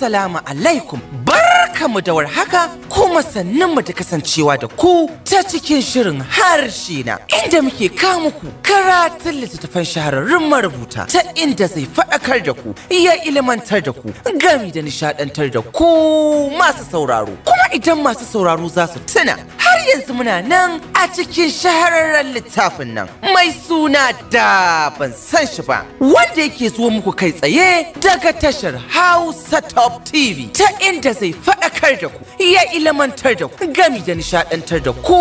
Assalamu alaikum barka mu da warhaka kuma mu da kasancewa da ku ta cikin shirin harshe na inda muke kawo muku karatun littattafan shahararrun marubuta ta inda zai faɗakar da ku ya ilimantar da ku gami da nishaɗantar da ku masu sauraro kuma idan masu sauraro za su tuna har yanzu muna nan a cikin shahararren littafin nan mai suna da ban san shi ba wanda yake zuwa muku kai tsaye daga tashar Hausa Top TV ta inda zai faɗakar da ku ya ilmantar da ku gami da nishaɗantar da ku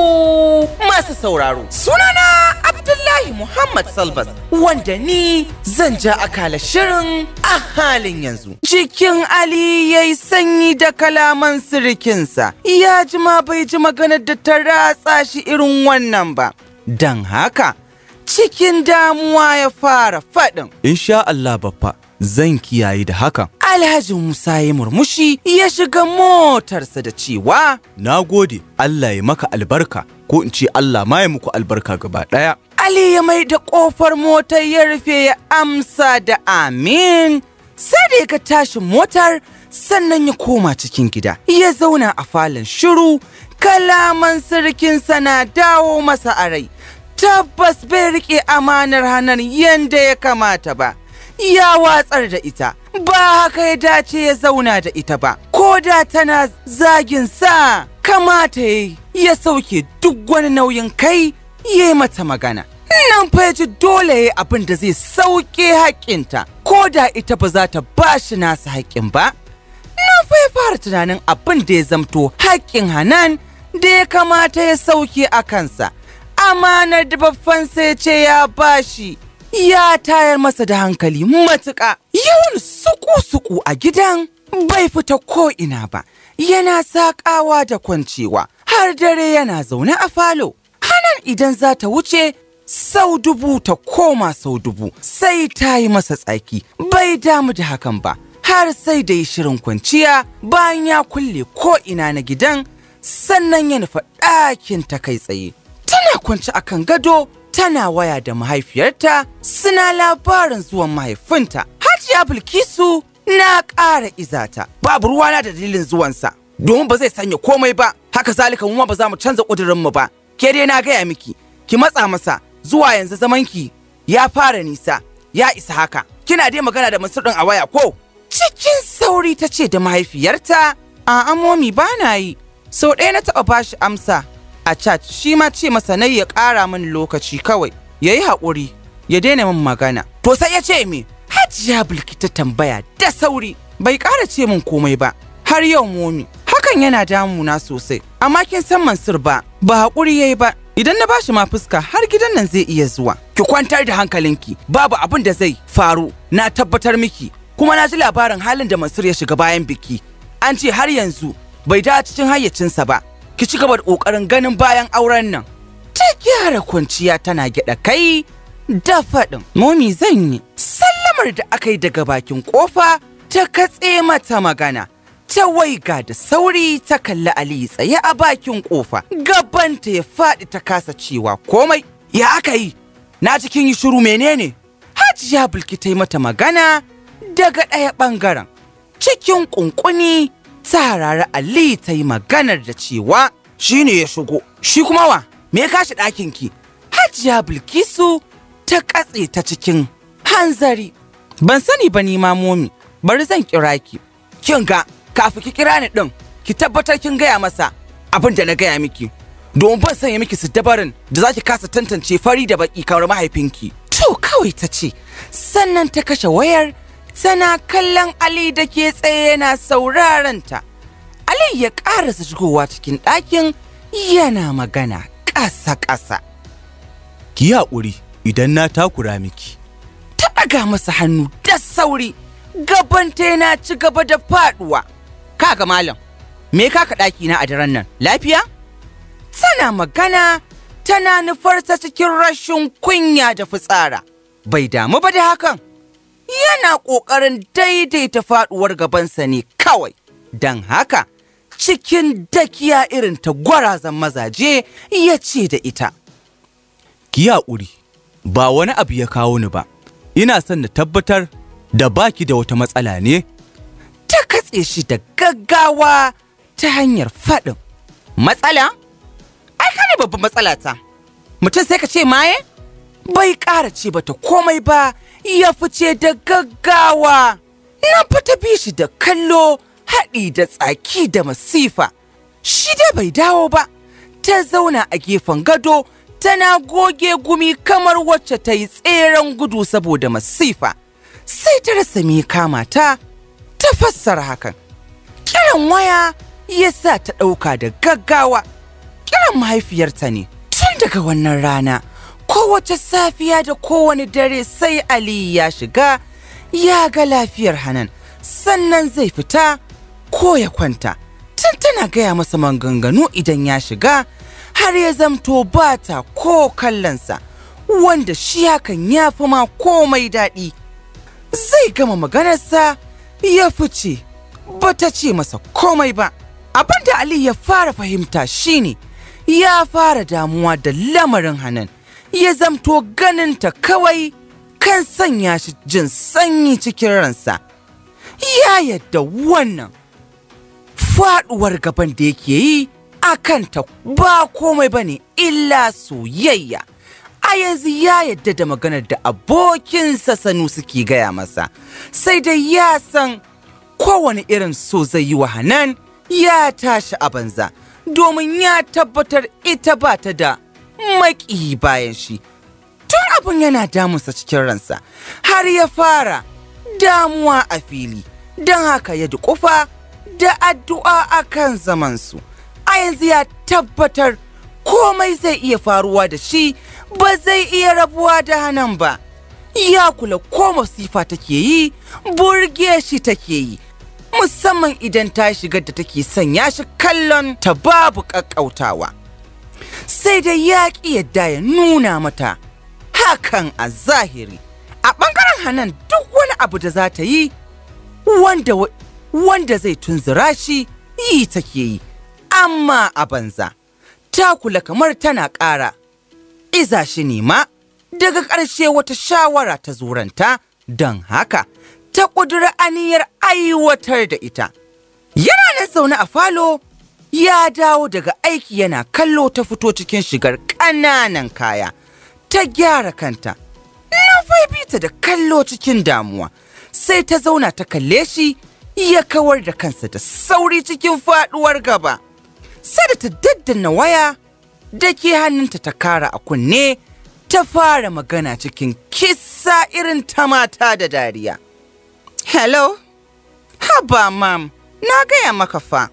masu sauraro. Sunana Abdullahi Muhammad Salbas wanda ni zan ja akala shirin a halin yanzu. Jikin Ali ya yi sanyi da kalaman sirikinsa ya jima bai ji maganar da ta ratsa shi irin wannan ba, don haka cikin damuwa ya fara faɗin. Insha Allah baffa zan kiyaye da haka Alhaji Musa ya murmushi ya shiga motarsa da cewa. Na gode, Allah ya maka albarka, ko in ce Allah ma ya muku albarka gaba ɗaya. Ali ya mai da ƙofar motar ya rufe ya amsa da amin. Sai da ya ka tashi motar sannan ya koma cikin gida, ya zauna a falon shiru kalaman sarkinsa na dawo masa a rai tabbas bai riƙe amanar hannun yadda ya kamata ba ya watsar da ita ba haka ya dace ya zauna da ita ba ko da tana zagin sa kamata ya ya sauke duk wani nauyin kai ya yi mata magana nan fa dole ya yi abin da zai sauke haƙƙinta ko da ita ba za ta ba shi nasa haƙƙin ba na fara tunanin abin da ya zamto haƙƙin hanan da ya kamata ya sauke a kansa amanar da babban sai ce ya bashi ya tayar masa da hankali matuƙa yawan suku-suku a gidan bai fita ko'ina ba yana saƙawa da kwancewa har dare yana zaune a falo hanan idan za ta wuce sau dubu ta koma sau dubu sai ta yi masa tsaki bai damu da hakan ba har sai da yi shirin kwanciya bayan ya kulle ko'ina na gidan sannan ya nufa ɗakin ta kai tsaye. Tana kwance a kan gado, tana waya da mahaifiyarta, suna labarin zuwan mahaifinta. Hajiya Bilkisu na ƙara izata, babu ruwa na da dalilin zuwansa, domin ba zai sanya komai ba, haka zalika mu ba za mu canza ƙudurinmu ba. Ke dai na gaya miki, ki matsa masa zuwa yanzu zamanki ya fara nisa, ya isa haka. Kina dai magana da Mansur ɗin a waya ko? Cikin sauri ta ce da mahaifiyarta, a'a momi ba na yi, sau ɗaya na taɓa bashi amsa a chat shi ma ce masa nai ya ƙara min lokaci kawai ya yi haƙuri ya daina min magana to sai ya ce me hajiya bilki ta tambaya da sauri bai ƙara ce min komai ba har yau momi hakan yana damuna sosai amma kin san mansur ba ba haƙuri ya yi ba idan na bashi ma fuska har gidan nan zai iya zuwa ki kwantar da hankalinki babu abin da zai faru na tabbatar miki kuma na ji labarin halin da mansur ya shiga bayan biki an ce har yanzu bai da cikin hayyacinsa ba ki ci gaba da ƙoƙarin ganin bayan auren nan ta gyara kwanciya tana gyaɗa kai da faɗin momi zan yi sallamar da aka yi daga bakin ƙofa ta katse mata magana ta waiga da sauri ta kalli aliyu tsaye a bakin ƙofa gabanta ya faɗi ta kasa cewa komai ya aka yi na cikin yi shiru menene hajiya bulki ta yi mata magana daga ɗaya ɓangaren cikin ƙunƙuni Sarara Ali ta yi maganar da cewa shi ne ya shigo, shi kuma wa, me ya kashi ɗakinki? Hajiya Bilkisu ta katse ta cikin hanzari. Ban sani ba ni ma momi, bari zan kira ki. Kin ga, kafin ki kira ni ɗin, ki tabbatar kin gaya masa abin da na gaya miki. Domin ban sanya miki su dabarin da za ki kasa tantance fari da baki kamar mahaifinki. To kawai ta ce, sannan ta kashe wayar tana kallon Ali da ke tsaye yana sauraron ta. Ali ya ƙarasa shigowa cikin ɗakin yana magana ƙasa-ƙasa. Ki haƙuri idan na takura miki. Ta ɗaga masa hannu da sauri ta yana ci gaba da faɗuwa. Kaga malam, me kaka ɗaki na a daren nan lafiya? Tana magana tana nufarsa cikin rashin kunya da fitsara. Bai damu ba da hakan. yana ƙoƙarin daidaita faɗuwar gabansa ne kawai. Don haka, cikin dakiya irin ta gwarazan mazaje ya ce da ita. Ki ba wani abu ya kawo ni ba, ina son na tabbatar da baki da wata matsala ne. Ta katse shi da gaggawa ta hanyar faɗin. Matsala? Ai, kane babban matsala ta. Mutum sai ka ce maye? Bai ƙara ce bata komai ba ya fice da gaggawa. Na fata bi shi da kallo haɗi da tsaki da masifa. Shi dai bai dawo ba, ta zauna a gefen gado tana goge gumi kamar wacce ta yi tseren gudu saboda masifa. Sai ta rasa me kama ta, ta fassara hakan. Kiran waya ya sa ta ɗauka da gaggawa. Kiran mahaifiyarta ne tun daga wannan rana. kowace safiya da kowane dare sai Ali ya shiga ya ga lafiyar Hanan sannan zai fita ko ya kwanta tun tana gaya masa maganganu idan ya shiga har ya zamto bata ko kallonsa wanda shi hakan ya fi ma komai daɗi zai gama maganarsa ya fice bata ce masa komai ba abinda Ali ya fara fahimta shi ne ya fara damuwa da lamarin Hanan ya zamto ta kawai kan sanya shi jin sanyi cikin ransa ya yadda wannan faɗuwar gaban da yake yi a kanta ba komai ba ne illa soyayya a yanzu ya yadda da maganar da abokinsa sanu suke gaya masa sai dai ya san kowane irin so zai yi wa ya tashi a banza domin ya tabbatar ita ba ta da Maki bayan shi. Tun abin yana damunsa cikin ransa, har ya fara damuwa a fili, don haka ya duƙufa da addu'a a kan zamansu. A yanzu ya tabbatar komai zai iya faruwa da shi ba zai iya rabuwa da hanan ba. Ya kula ko masifa take yi, burge shi take yi. musamman idan ta shigar da take sanya shi kallon ta babu ƙaƙƙautawa. sai dai ya ƙi yadda ya nuna mata hakan a zahiri a ɓangaren hannun duk wani abu da za ta yi wanda, wanda zai tunzura shi yi take yi amma a banza ta kula kamar tana ƙara iza shi nema daga ƙarshe wata shawara ta zuranta don haka ta ƙudura aniyar aiwatar da ita yana nan zaune a falo ya dawo daga aiki yana kallo ta fito cikin shigar ƙananan kaya ta gyara kanta numfafi ta da kallo cikin damuwa sai ta zauna ta kalle shi ya kawar da kansa da sauri cikin faɗuwar gaba Sada ta daddana waya da ke hannunta ta kara a kunne ta fara magana cikin kissa irin ta mata da dariya hello haba mam na gaya maka fa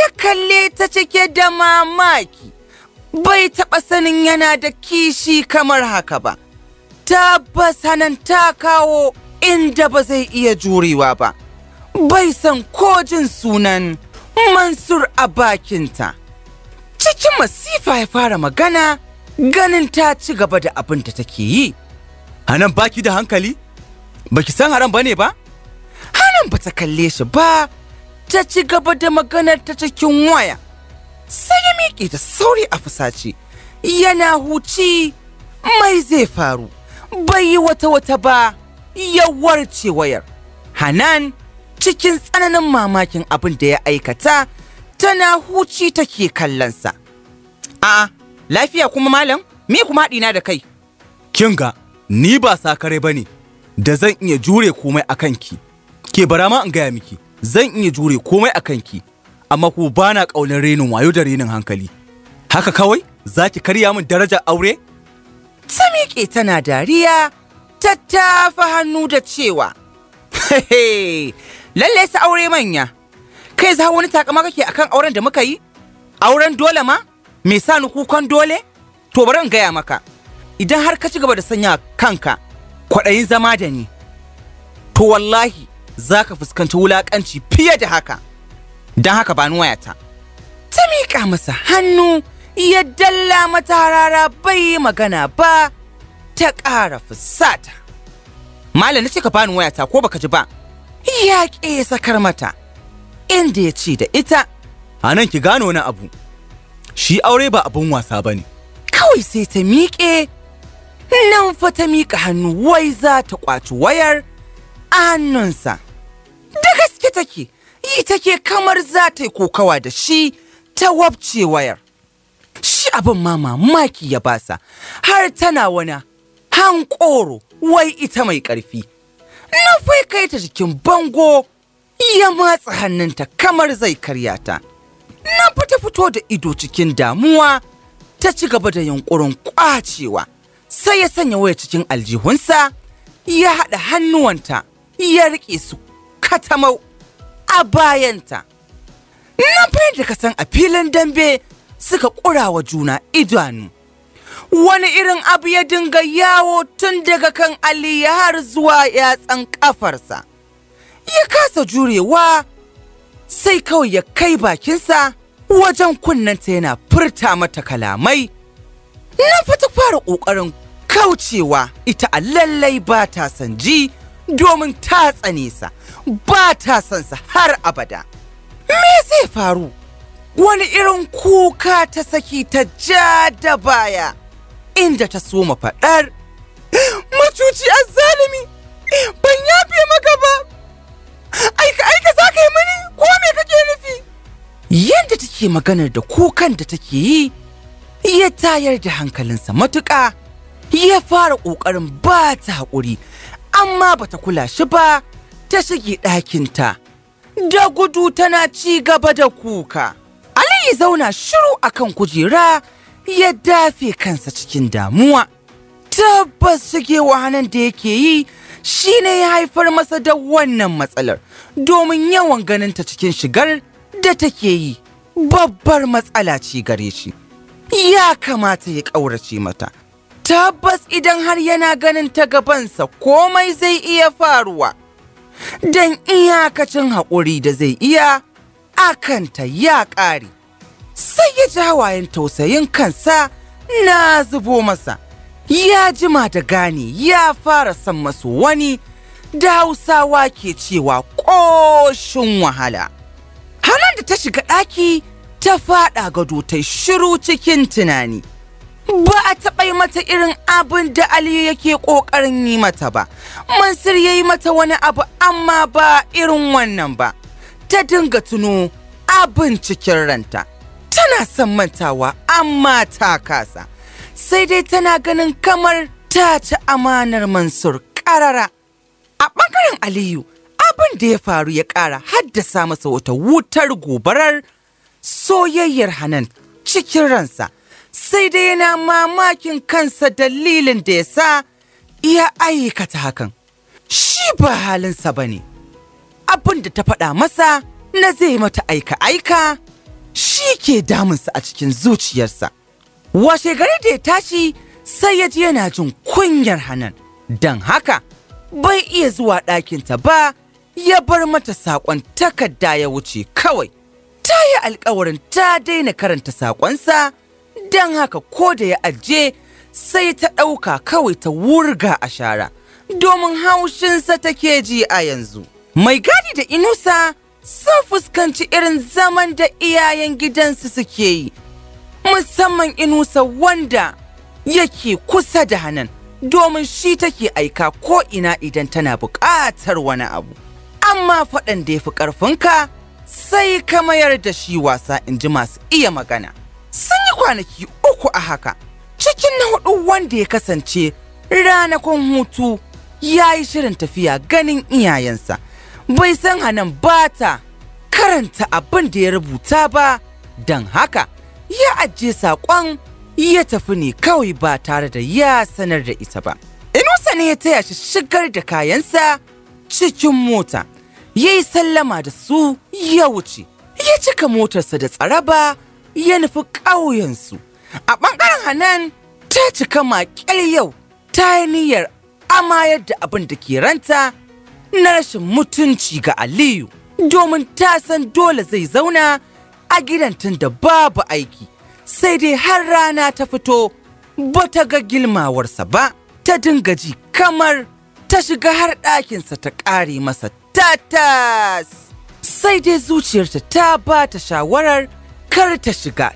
ya kalle ta cike da mamaki bai taɓa sanin yana da kishi kamar haka ba tabbas hanan ta kawo inda ba zai iya jurewa ba bai san ko jin sunan mansur a bakinta cikin masifa ya fara magana ganin ta ci gaba da abin da take yi hanan baki da hankali baki san haram ba ne ba hanan ba ta kalle shi ba ta ci gaba da maganar ta cikin waya sai ya miƙe da sauri a fusace yana huci mai zai faru bai yi wata wata ba ya warce wayar hanan cikin tsananin mamakin abin da ya aikata tana huci take kallonsa a'a lafiya kuma malam me kuma haɗina da kai Kin ga, ni ba sakare ba ne da zan iya jure komai a kanki ke bara ma in gaya miki zan iya jure komai a kanki amma ko ba na ƙaunar renin wayo da renin hankali haka kawai za ki karya min darajar aure ta miƙe tana dariya ta tafi hannu da cewa lalle su aure manya kai za wani takama kake akan auren da muka yi auren dole ma me sa ni kukan dole to bari in gaya maka idan har ka ci gaba da sanya kanka kwaɗayin zama da ni to wallahi za ka fuskanci wulaƙanci fiye da haka don haka ba ni wayata ta miƙa masa hannu ya dalla mata rara bai magana ba ta ƙara fusata malam na ce ka bani wayata ko ba ka ji ba ya ƙe sakar mata inda ya ce da ita a nan ki gano wani abu shi aure ba abin wasa ba ne kawai sai ta miƙe nan fa ta miƙa hannu wai za ta ƙwaci wayar a hannunsa da gaske take yi take kamar za ta yi kokawa da shi ta wabce wayar shi abin ma mamaki ya basa har tana wani hankoro wai ita mai ƙarfi na fai kai ta jikin bango ya matsa hannunta kamar zai karya ta na fita fito da ido cikin damuwa ta ci gaba da yunkurin kwacewa sai ya sanya waya cikin aljihunsa ya haɗa hannuwanta ya riƙe su katamau a bayanta. Na da ka san a filin dambe suka wa juna idanu. Wani irin abu ya dinga yawo tun daga kan Ali har zuwa yatsan ƙafarsa. Ya kasa jurewa sai kawai ya kai bakinsa wajen kunnanta yana furta mata kalamai. Na fata fara ƙoƙarin kaucewa ita a lallai ba ta son ji domin ta tsane sa. ba ta son sa har abada. Me zai faru? Wani irin kuka ta saki ta ja da baya inda ta soma faɗar. Macuci a zalimi, ban yafe maka ba. Aika aika za ka yi mini ko me kake nufi? Yadda take maganar da kukan da take yi, ya tayar da hankalinsa matuƙa, ya fara ƙoƙarin ba ta haƙuri, amma ba ta kula shi ba. ta shige ɗakinta. Da gudu tana ci gaba da kuka. Aliyu zauna shiru a kan kujera ya dafe kansa cikin damuwa. Tabbas shige wahanan da yake yi shi ne ya haifar masa da wannan matsalar domin yawan ganinta cikin shigar da take yi babbar matsala ci gare shi. Ya kamata ya ƙaurace mata. Tabbas idan har yana ganin ta gabansa komai zai iya faruwa. don iyakacin haƙuri da zai iya akanta ya ƙare. Sai ya ji hawayen tausayin kansa na zubo masa, ya jima da gane ya fara san masu wani da Hausawa ke cewa ƙoshin wahala. Hannun da ta shiga ɗaki ta faɗa gado ta shiru cikin tunani. ba a taɓa yi mata irin abin da Aliyu yake ƙoƙarin yi mata ba. Mansur ya yi mata wani abu amma ba irin wannan ba. Ta dinga tuno abin cikin ranta. Tana son mantawa amma ta kasa. Sai dai tana ganin kamar ta ci amanar Mansur ƙarara. A ɓangaren Aliyu, abin da ya faru ya ƙara haddasa masa wata wutar gobarar soyayyar Hanan cikin ransa. sai dai yana mamakin kansa dalilin da ya sa iya aikata hakan. Shi ba halinsa ba ne, abin da ta faɗa masa na zai mata aika-aika shi ke damunsa a cikin zuciyarsa. Washe gari da ya tashi sai ya ji yana jin kunyar hanan, don haka bai iya zuwa ɗakinta ba ya bar mata saƙon takarda ya wuce kawai. Ta yi alkawarin ta daina karanta saƙonsa. don haka ko da ya aje sai ta ɗauka kawai ta wurga a shara domin haushinsa take ji a yanzu. Mai gadi da inusa sun fuskanci irin zaman da iyayen gidansu suke yi, musamman inusa wanda yake kusa da hanan domin shi take aika ko ina idan tana buƙatar wani abu. Amma faɗan da ya fi ƙarfinka sai ka mayar da shi wasa in ji masu iya magana. kwanaki uku a haka cikin na hudu wanda ya kasance ranakun hutu ya yi shirin tafiya ganin iyayensa bai san hanan ba ta karanta abin da ya rubuta ba don haka ya ajiye saƙon ya tafi ne kawai ba tare da ya sanar da ita ba inusa ne ya taya shi shigar da kayansa cikin mota ya yi sallama da su ya wuce ya cika motarsa da tsaraba ya nufi ƙauyensu. A ɓangaren Hanan ta cika maƙil yau ta yi niyyar amayar da abin da ke ranta na rashin mutunci ga Aliyu domin ta san dole zai zauna a gidan tun da babu aiki sai dai har rana ta fito ba ta ga gilmawarsa ba ta dinga ji kamar ta shiga har ɗakinsa ta ƙare masa tatas sai dai zuciyarta ta ba ta shawarar kar ta shiga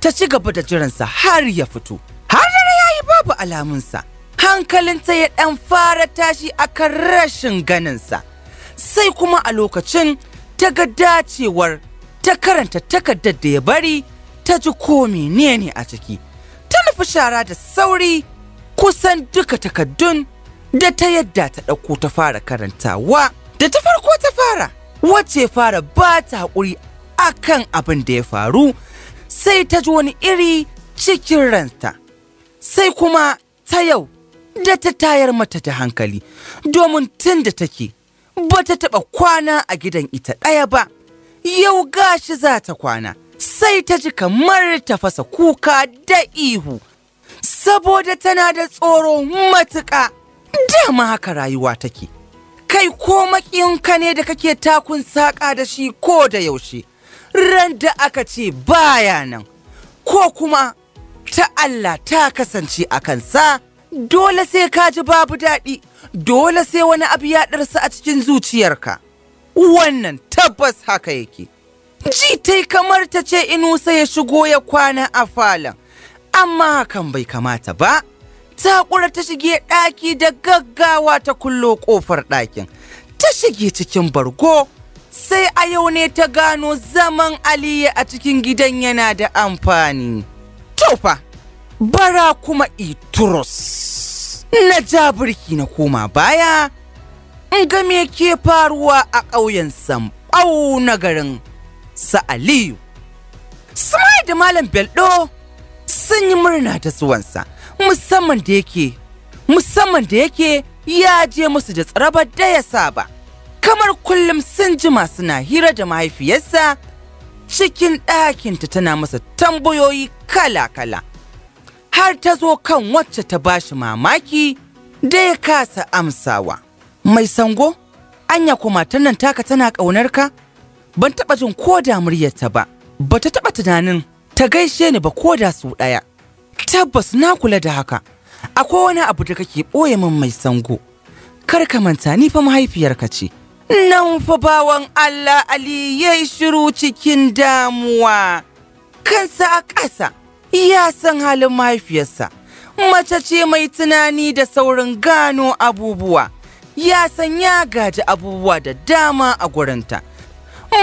ta ci gaba da jiransa har ya fito har dare ya yi babu alamunsa hankalinta ya ɗan fara tashi akan rashin ganinsa sai kuma a lokacin ta ga dacewar ta karanta takardar da ya bari ta ji ko menene a ciki ta nufi shara da sauri kusan duka takardun da ta yadda ta ɗauko ta fara karantawa da ta farko ta fara wacce fara ba ta haƙuri kan abin da ya faru sai ta ji wani iri cikin ranta sai kuma ta yau da ta tayar mata da hankali domin tun da take ba ta taɓa kwana a gidan ita ɗaya ba yau gashi za ta kwana sai ta ji kamar ta fasa kuka da ihu saboda tana da tsoro matuƙa dama haka rayuwa take kai ko maƙiyinka ne da kake takun saƙa da shi ko da yaushe ran da aka ce baya nan ko kuma ta Allah ta kasance a kansa dole sai ka ji babu daɗi dole sai wani abu ya ɗarsa a cikin zuciyarka wannan tabbas haka yake ji tai kamar ta ce inusa ya shigo ya kwana a falon amma hakan bai kamata ba ta ƙura ta shige ɗaki da gaggawa ta kullo ƙofar ɗakin ta shige cikin bargo sai a yau ne ta gano zaman aliyu a cikin gidan yana da amfani Taufa, bara kuma iturus na ja birki na koma baya in me ke faruwa a ƙauyen sambau na garin sa aliyu Sumai da Malam Beldo sun yi murna da zuwansa musamman da yake musamman da yake ya je musu da tsarabar da ya saba. kamar kullum sun jima suna hira da mahaifiyarsa cikin ɗakinta tana masa tambayoyi kala-kala har ta zo kan wacce ta bashi mamaki da ya kasa amsawa mai sango anya kuma nan taka tana ƙaunarka? ka ban taɓa jin ko da muryarta ba ba ta taɓa tunanin ta gaishe ni ba ko da su ɗaya tabbas na kula da haka akwai wani abu da kake ɓoye min mai sango kar ka manta ni fa mahaifiyarka ce Nan fa bawan Allah Ali ya yi shiru cikin damuwa. Kansa a ƙasa ya san halin mahaifiyarsa. Mace ce mai tunani da saurin gano abubuwa. Ya san ya gaji abubuwa da dama a gurinta.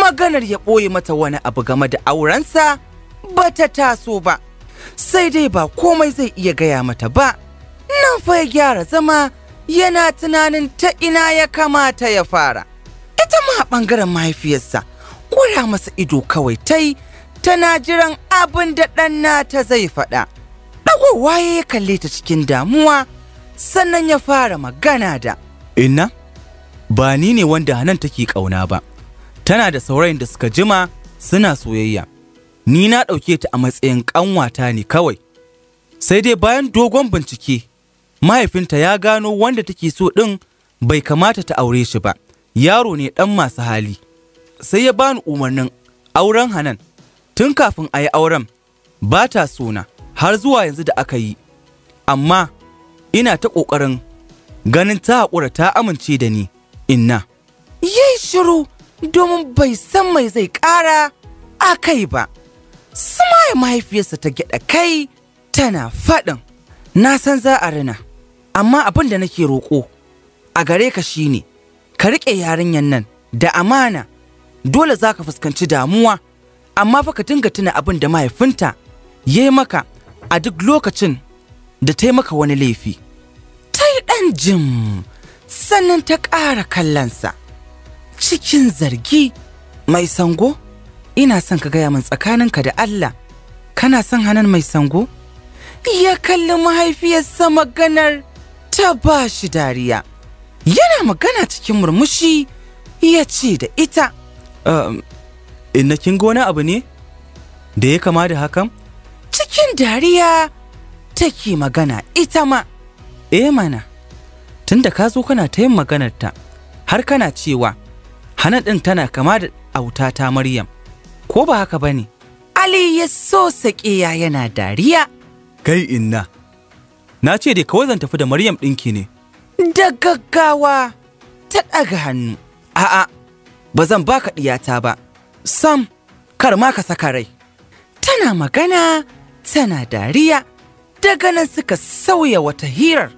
Maganar ya ɓoye mata wani abu game da aurensa ba ta taso ba. Sai dai ba komai zai iya gaya mata ba. Nan fa ya gyara zama yana tunanin ta ina ya kamata ya fara. ita ma ɓangaren mahaifiyarsa kura masa ido kawai ta yi tana jiran abin da ɗan nata zai faɗa ɗagowa ya kalle ta cikin damuwa sannan ya fara magana da inna ba ni ne wanda hanan take ƙauna ba tana da saurayin da suka jima suna soyayya ni na ɗauke ta a matsayin ƙanwata ne kawai sai dai bayan dogon bincike mahaifinta ya gano wanda take so ɗin bai kamata ta aure shi ba yaro ne ɗan masu hali sai ya bani umarnin auren hanan tun kafin a yi auren ba ta sona har zuwa yanzu da aka yi amma ina ta ƙoƙarin ganin ta haƙura ta amince da ni inna yi shiru domin bai san mai zai ƙara a kai ba sumaya mahaifiyarsa ta gyaɗa kai tana faɗin na san za a rina amma abin da nake roƙo a gare ka shine ka riƙe yarinyar nan da amana dole za ka fuskanci damuwa amma fa ka dinga tuna abin da mahaifinta ya yi maka a duk lokacin da ta yi maka wani laifi ta yi ɗan jim sannan ta ƙara kallonsa cikin zargi mai sango ina son ka gaya min tsakaninka da Allah kana son hanan mai sango ya kalli mahaifiyarsa maganar ta ba shi dariya yana magana cikin murmushi ya ce da ita inna kin gona abu ne da ya kama da hakan cikin dariya take magana ita ma E mana tunda ka zo kana ta yin maganarta har kana cewa hana ɗin tana kama da auta ta maryam ko ba haka ba ne ali ya so saƙiya yana dariya kai inna na ce dai kawai zan tafi da maryam ɗinki ne da gaggawa ta ɗaga hannu a'a ba zan baka ɗiyata ba sam kar ma ka saka rai tana magana tana dariya daga nan suka sauya wata hirar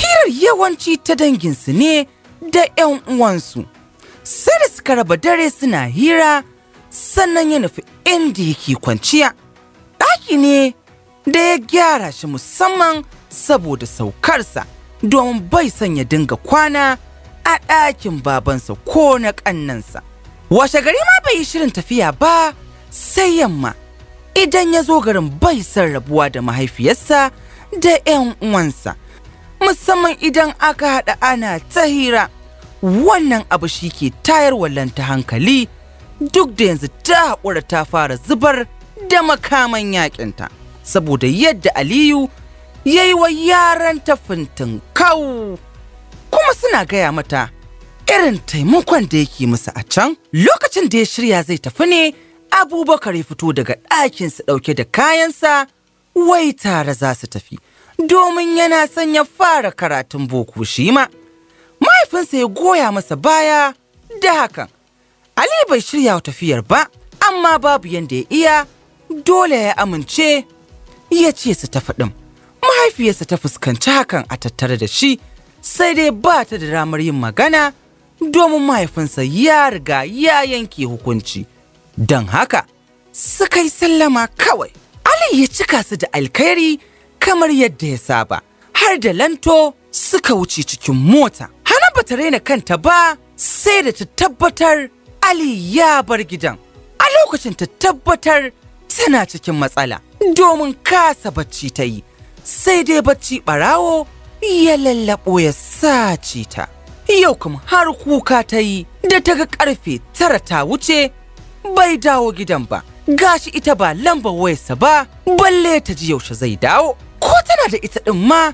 hirar yawanci ta danginsu ne da 'yan uwansu sai da suka raba dare suna hira sannan ya nufi inda yake kwanciya ɗaki ne da ya gyara shi musamman saboda saukarsa domin bai son ya dinga kwana a ɗakin babansa ko na ƙannansa. Washe gari ma bai yi shirin tafiya ba sai yamma idan ya zo garin bai san rabuwa da mahaifiyarsa da 'yan uwansa. Musamman idan aka haɗa ana ta hira wannan abu shi ke tayar wallanta hankali duk da yanzu ta haƙura ta fara zubar da makaman yaƙinta. Saboda yadda Aliyu ya yi wa yaran tafintin kau kuma suna gaya mata irin taimakon da yake musu a can lokacin da ya shirya zai tafi ne abubakar ya fito daga ɗakin ɗakinsa ɗauke da kayansa wai tare za su tafi domin yana son ya fara karatun boko shi ma mahaifinsa ya goya masa baya da hakan ali bai shirya wa tafiyar ba amma babu yadda ya iya dole ya amince ya ce su tafi ɗin mahaifiyarsa ta fuskanci hakan a tattare da shi sai dai ba ta da ramar yin magana domin mahaifinsa ya riga ya yanke hukunci don haka suka yi sallama kawai Ali ya cika su da alkhairi kamar yadda ya saba har da lanto suka wuce cikin mota hana ba ta raina kanta ba sai da ta tabbatar Ali ya bar gidan a lokacin ta tabbatar tana cikin matsala domin kasa bacci ta yi sai dai bacci ɓarawo ya lallaɓo ya sace ta. Yau kam har kuka ta yi da ta ga ƙarfe tara ta wuce bai dawo gidan ba. Gashi ita ba lamba wayarsa ba, balle ta ji yaushe zai dawo. Ko tana da ita ɗin ma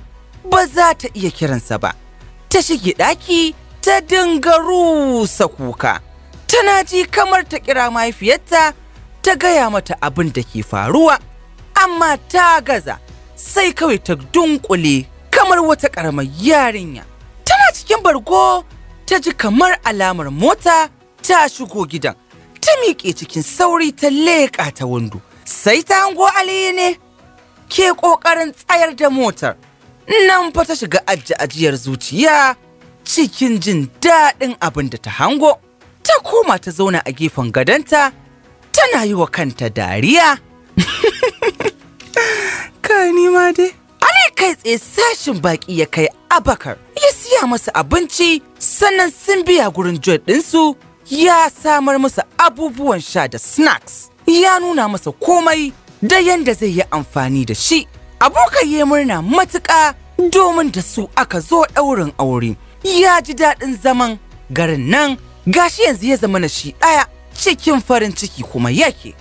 ba za ta iya kiransa ba. Ta shige ɗaki ta dinga rusa kuka. Tana ji kamar ta kira mahaifiyarta ta gaya mata abin da ke faruwa, amma ta gaza. sai kawai ta dunkule kamar wata ƙaramar yarinya. Tana cikin bargo ta ji kamar alamar mota ta shigo gidan. Ta miƙe cikin sauri ta leƙa ta wando. Sai ta hango Aliyu ne ke ƙoƙarin tsayar da motar. Nan fa ta shiga ajiye ajiyar zuciya cikin jin daɗin abin da ta hango. Ta koma ta zauna a gefen gadonta tana yi wa kanta dariya. Kai ni ma dai. kai tsaye sashin baƙi ya kai Abakar ya siya masa abinci sannan sun biya gurin joy ɗinsu ya samar masa abubuwan sha da snacks ya nuna masa komai da yanda zai yi amfani da shi. Abokai ya murna matuƙa domin da su aka zo ɗaurin aure. Ya ji daɗin zaman garin nan gashi yanzu ya zama na shi ɗaya cikin farin ciki kuma yake.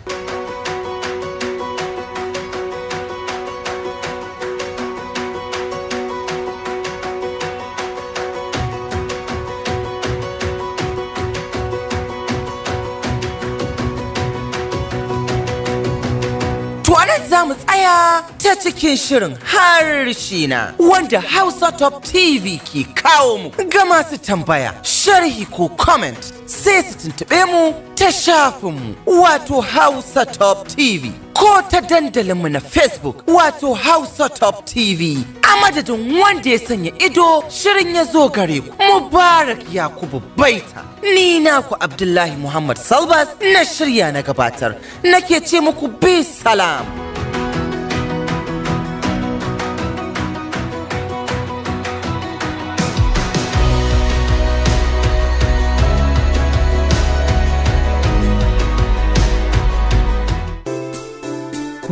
za mu tsaya ta cikin shirin harshe na wanda Hausa Top TV ke kawo mu ga masu tambaya, sharhi ko comment sai su tuntuɓe mu ta shafin mu. wato Hausa Top TV. Ko ta dandalin mu na Facebook wato Hausa Top TV a madadin wanda ya sanya ido shirin ya zo gare ku. Mubarak Yakubu Baita. Ni naku Abdullahi Muhammad Salbas na shirya na gabatar nake ce muku bi salam.